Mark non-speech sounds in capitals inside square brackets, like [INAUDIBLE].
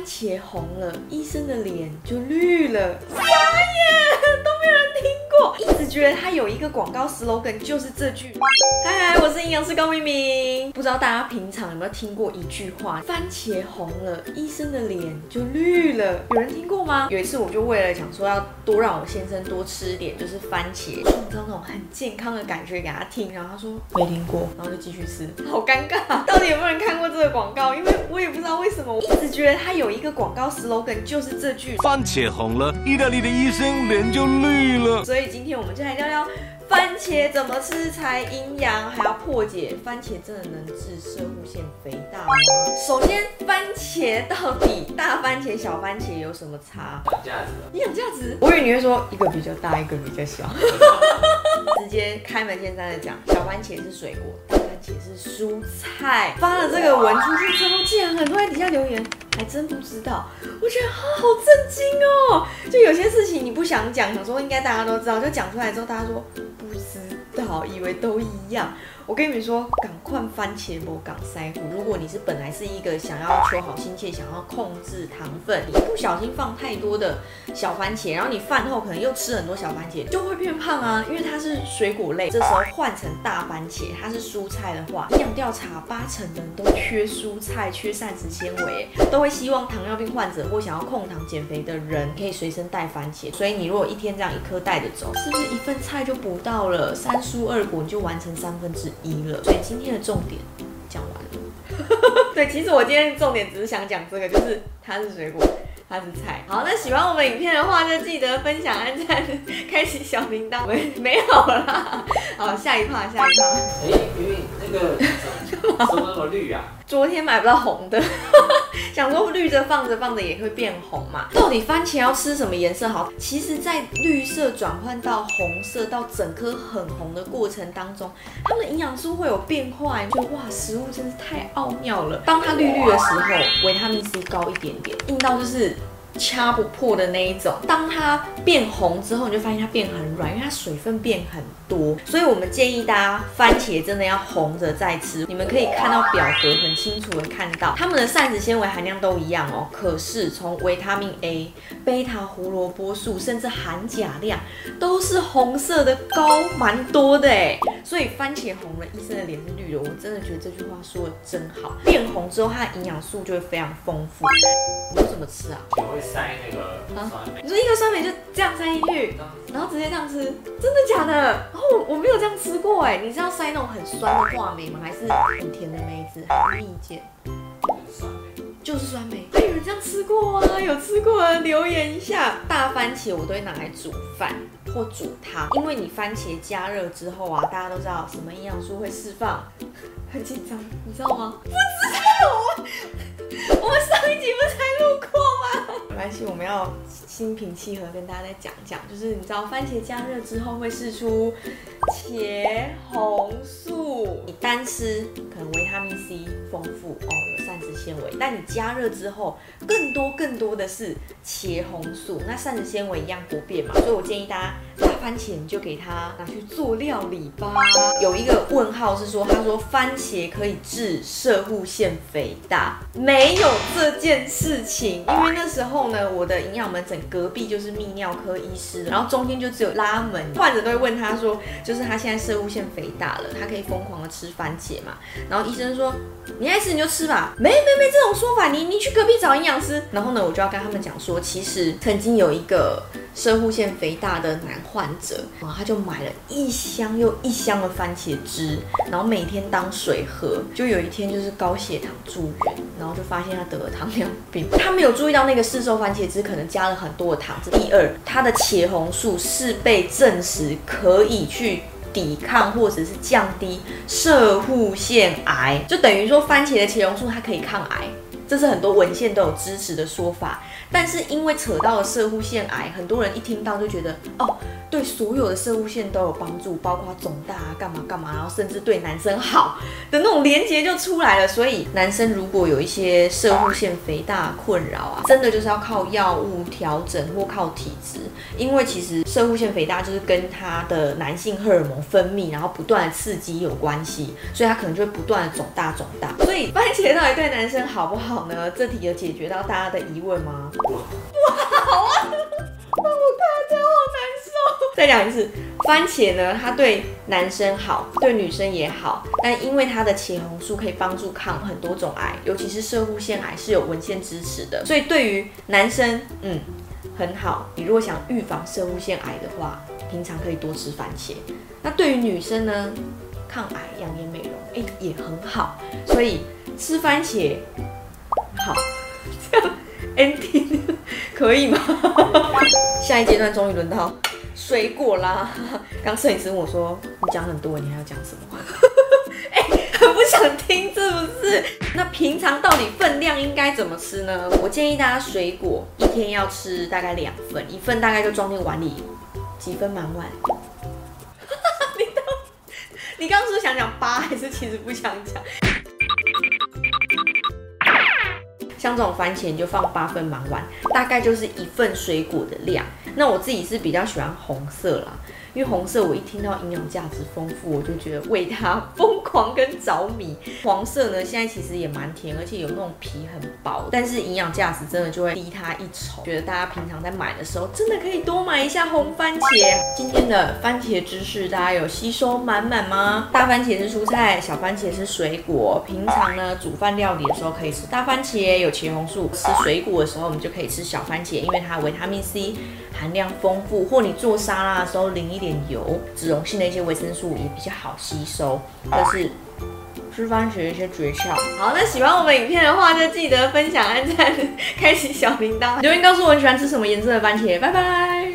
番茄紅了，醫生的臉就綠了。Wow, yeah! 一直覺得他有一個廣告 slogan 就是這句，嗨，我是營養師高敏敏。不知道大家平常有沒有聽過一句話，番茄紅了，醫生的臉就綠了。有人聽過嗎？有一次我就為了想說要多讓我先生多吃點，就是番茄，創造那種很健康的感覺給他聽，然後他說沒聽過，然後就繼續吃，好尷尬。到底有沒有人看過這個廣告？因為我也不知道為什麼，一直覺得他有一個廣告 slogan 就是這句，番茄紅了，意大利的醫生臉就綠了，所以。今天我們就來聊聊番茄怎麼吃才營養，還要破解番茄真的能治攝護腺肥大嗎？首先，番茄到底大番茄、小番茄有什麼差？價值，營養價值？我以為你會說一個比較大，一個比較小。 [LAUGHS] 直接開門見山的講，小番茄是水果，大番茄是蔬菜。發了這個文出去之後，竟然很多人底下留言。還真不知道，我覺得好，好震驚哦！就有些事情你不想講，想說應該大家都知道，就講出來之後，大家說不知。好，以為都一樣。我跟你們說，趕快番茄不，港腮骨。如果你是本來是一個想要求好心切，想要控制糖分，一不小心放太多的小番茄，然後你飯後可能又吃很多小番茄，就會變胖啊。因為它是水果類，這時候換成大番茄，它是蔬菜的話，營養調查八成的人都缺蔬菜，缺膳食纖維，都會希望糖尿病患者或想要控糖減肥的人可以隨身帶番茄。所以你如果一天這樣一顆帶着走，是不是一份菜就補到了三蔬？蔬果你就完成三分之一了，所以今天的重點講完了。 [LAUGHS] 對，其實我今天重點只是想講這個，就是它是水果，它是菜。好，那喜歡我們影片的話，就記得分享、按讚、開啟小鈴鐺。沒沒有啦。好，下一趴，下一趴。哎、欸，因、欸、為那個什麼，什麼那麼綠啊？ [LAUGHS] 昨天買不到紅的。 [LAUGHS] 想說綠着放着放着也會變紅嘛？到底番茄要吃什麼顏色好？其實，在綠色轉換到紅色到整顆很紅的過程當中，它的營養素會有變化、欸。就哇，食物真是太奧妙了。當它綠綠的時候，維他命 C 高一點點，硬到就是。掐不破的那一種，當它變紅之後，你就發現它變很軟，因為它水分變很多。所以我們建議大家，番茄真的要紅着再吃。你們可以看到表格，很清楚的看到它們的膳食纖維含量都一樣哦，可是從維他命 A、貝塔胡蘿蔔素，甚至含鉀量，都是紅色的，高蠻多的欸。所以番茄紅了，醫生的臉是綠的。我真的覺得這句話說的真好，變紅之後，它的營養素就會非常豐富。怎麼吃啊？ [LAUGHS] 塞那個酸梅、啊，你說一個酸梅就這樣塞進去，然後直接這樣吃，真的假的？然、哦、後我沒有這樣吃過哎、欸，你知道塞那種很酸的話梅嗎？還是很甜的梅子，很蜜餞？是酸梅，就是酸梅。哎，有人這樣吃過啊？有吃過、啊？留言一下。大番茄我都會拿來煮飯或煮湯，因為你番茄加熱之後啊，大家都知道什麼營養素會釋放。很緊張，你知道嗎？不知道我所以我們要心平氣和跟大家再講講，就是你知道番茄加熱之後會釋出茄紅素，你單吃可能維他命 C 豐富哦，有膳食纖維，但你加熱之後更多更多的是茄紅素，那膳食纖維一樣不變嘛，所以我建議大家。番茄你就給他拿去做料理吧。有一個問號是說，他說番茄可以治攝護腺肥大，沒有這件事情。因為那時候呢，我的營養門診隔壁就是泌尿科醫師，然後中間就只有拉門。患者，都會問他說，就是他現在攝護腺肥大了，他可以瘋狂的吃番茄嘛？然後醫生說，你愛吃你就吃吧，沒沒沒這種說法，你你去隔壁找營養師。然後呢，我就要跟他們講說，其實曾經有一個。攝護腺肥大的男患者，然後他就買了一箱又一箱的番茄汁，然後每天當水喝。就有一天就是高血糖住院，然後就發現他得了糖尿病。他沒有注意到那個市售番茄汁可能加了很多的糖。第二，它的茄紅素是被證實可以去抵抗或者是降低攝護腺癌，就等於說番茄的茄紅素它可以抗癌。這是很多文獻都有支持的說法，但是因為扯到了攝護腺癌，很多人一聽到就覺得哦，對所有的攝護腺都有幫助，包括腫大啊，幹嘛幹嘛，然後甚至對男生好的那種連結就出來了。所以男生如果有一些攝護腺肥大的困擾啊，真的就是要靠藥物調整或靠體質，因為其實攝護腺肥大就是跟他的男性荷爾蒙分泌然後不斷的刺激有關係，所以他可能就會不斷的腫大腫大。所以番茄到底對男生好不好呢？這題有解決到大家的疑問嗎？不好啊！我看着好難受。再講一次，番茄呢，它對男生好，對女生也好。但因為它的茄紅素可以幫助抗很多種癌，尤其是攝護腺癌是有文獻支持的。所以對於男生，嗯，很好。你如果想預防攝護腺癌的話，平常可以多吃番茄。那對於女生呢，抗癌、養顏、美容，誒、欸，也很好。所以吃番茄。好，這樣 ending 可以嗎？ [LAUGHS] 下一階段終於輪到水果啦。剛攝影師問我說：“你講很多，你還要講什麼？”哎、 [LAUGHS] 欸，很不想聽，是不是？那平常到底分量應該怎麼吃呢？我建議大家水果一天要吃大概兩份，一份大概就裝進碗裡，幾分滿碗 [LAUGHS] 你。你剛，你剛剛是不是想講八，還是其實不想講？像這種番茄就放八分滿碗，大概就是一份水果的量。那我自己是比較喜歡紅色啦，因為紅色我一聽到營養價值豐富，我就覺得為它豐。黃跟着米，黃色呢，現在其實也蠻甜，而且有那種皮很薄，但是營養價值真的就會低它一籌。覺得大家平常在買的時候，真的可以多買一下紅番茄。今天的番茄知識大家有吸收滿滿嗎？大番茄是蔬菜，小番茄是水果。平常呢，煮飯料理的時候可以吃大番茄，有茄紅素；吃水果的時候，我們就可以吃小番茄，因為它維他命 C。含量豐富，或你做沙拉的時候淋一點油，脂溶性的一些維生素也比較好吸收。但是吃番茄的一些訣竅。好，那喜歡我們影片的話，就記得分享、按讚、開啟小鈴鐺。留言告訴我你喜歡吃什麼顏色的番茄。拜拜。